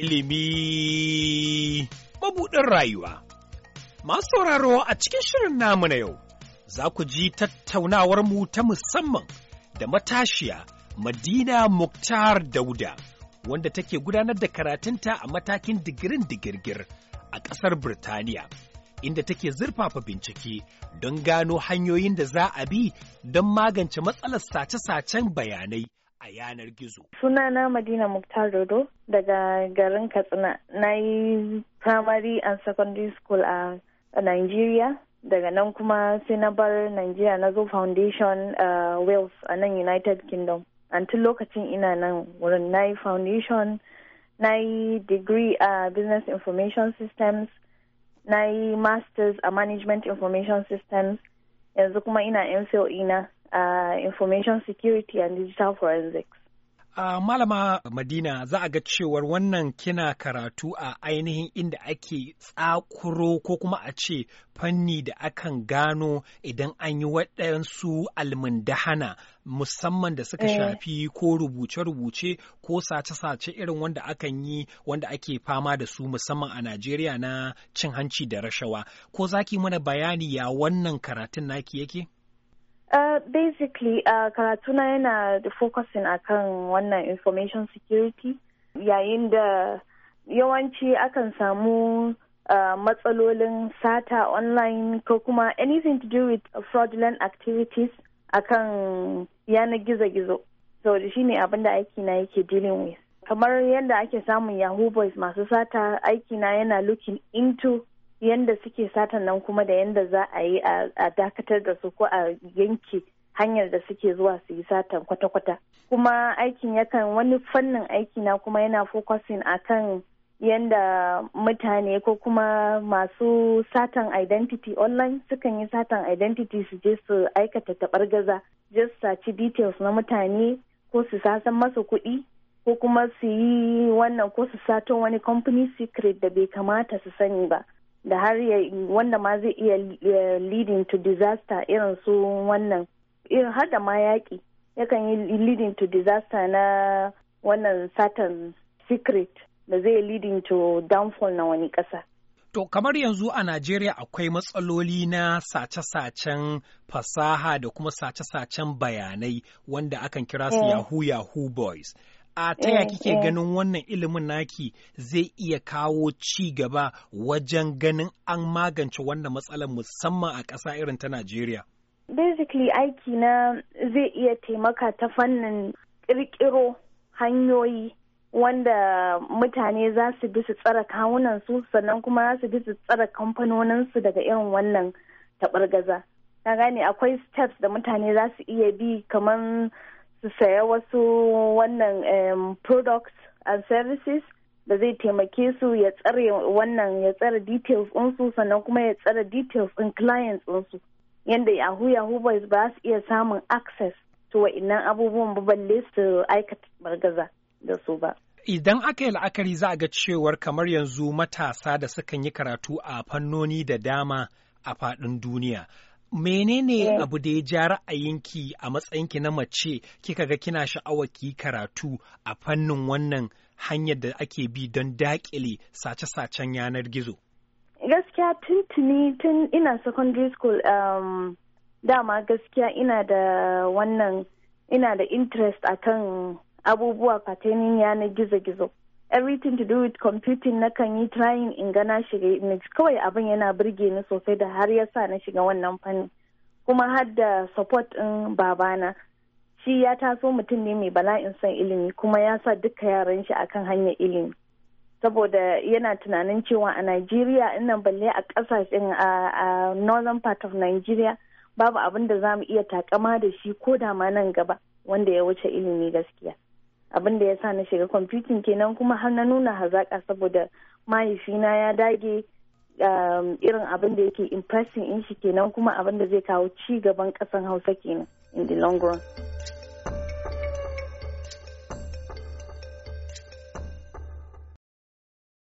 ilimi mabuɗin rayuwa. Masu sauraro a cikin shirin namu na yau, za ku ji tattaunawar mu ta musamman da matashiya Madina Muktar Dauda, wanda take gudanar da karatunta a matakin digirin digirgir a ƙasar Birtaniya. Inda take zurfafa bincike don gano hanyoyin da za a bi don magance matsalar sace-sacen bayanai a yanar gizo. Sunana Madina mukhtar Dodo daga garin Katsina. Na yi primary and secondary school a Nigeria. Daga nan kuma sai na bar Nigeria na zo foundation uh, Wales a nan United Kingdom. Until lokacin ina nan wurin na yi foundation, na yi degree a uh, business information systems, na yi masters a management information systems, yanzu kuma ina MCO ina. E uh, information security and digital forensics. Uh, Malama Madina za a ga cewar wannan kina karatu a ainihin inda ake tsakuro ko kuma a ce fanni da akan gano idan an yi waɗansu almundahana musamman da suka eh. shafi ko rubuce-rubuce ko sace-sace irin wanda akan yi wanda ake fama da su musamman a Najeriya na cin hanci da rashawa. Ko za ki mana bayani ya wannan karatun naki yake? Uh, basically uh, karatuna yana da focusing akan wannan information security yayin da yawanci akan samu uh, matsalolin sata online ko kuma anything to do with fraudulent activities akan yanar gizo-gizo so da shine abin da aikina yake dealing with kamar yadda ake samun yahoo boys masu sata aikina yana looking into yanda suke satan nan kuma da yanda za a yi a dakatar da su ko a yanki hanyar da suke zuwa su yi satan kwata-kwata kuma aikin yakan wani fannin aiki na kuma yana focusing kan yanda mutane ko kuma masu satan identity online sukan yi satan identity su je su aikata tabar gaza je su saci details na mutane ko su sasan masa kuɗi ko kuma su yi wannan ko su sato wani company secret da bai kamata su sani ba da har wanda ma zai iya leading to disaster irin su wannan irin har da ma yaƙi yakan yi leading to disaster na wannan satan secret da zai leading to downfall na wani ƙasa. To kamar yanzu a Najeriya akwai matsaloli na sace-sacen fasaha da kuma sace-sacen bayanai wanda akan kira su eh. Yahoo Yahoo Boys. A ta ya eh, kike eh. ganin wannan ilimin naki zai iya kawo ci gaba wajen ganin an magance wannan matsalar musamman a ƙasa irin ta Najeriya? Basically aiki na zai iya taimaka ta fannin ƙirƙiro hanyoyi wanda mutane za su bi su tsara kawunansu sannan kuma za su bi su tsara kamfanoninsu daga irin wannan taɓargaza. Na gane akwai steps da mutane za su iya bi kamar su saya wasu wannan products and services da zai taimake su ya tsare wannan ya tsare details su sannan kuma ya tsare details in clients su yadda yahoo yahoo boys ba su iya samun access to wa'innan abubuwan ba balle su aikata bargaza da su ba. Idan aka yi la'akari za a ga cewar kamar yanzu matasa da sukan yi karatu a fannoni da dama a faɗin duniya menene eh. abu da ya ja ra'ayinki a matsayinki na mace kika ga kina sha'awar ki karatu a fannin wannan hanyar da ake bi don dakile sace-sacen yanar gizo gaskiya tuntuni tun ina secondary school um, dama gaskiya ina da wannan ina da interest akan abubuwa fatanin yanar gizo-gizo everything to do with computing na kan yi trying in gana shiga image kawai abin yana birge ni sosai da har ya sa na shiga wannan fannin kuma har da support din babana shi ya taso mutum ne mai bala'in son ilimi kuma ya sa duka yaran shi akan hanyar ilimi saboda yana tunanin cewa a Najeriya nan balle a kasashen a northern part of Nigeria babu abin da za mu iya takama da shi ko da ma nan gaba wanda ya wuce ilimi gaskiya. abin da ya sa na shiga kwamfutin kenan kuma har na nuna hazaƙa saboda mahaifina ya dage um, irin abin da yake impressing in shi kenan kuma abin da zai kawo ci gaban ƙasan hausa kenan in the long run.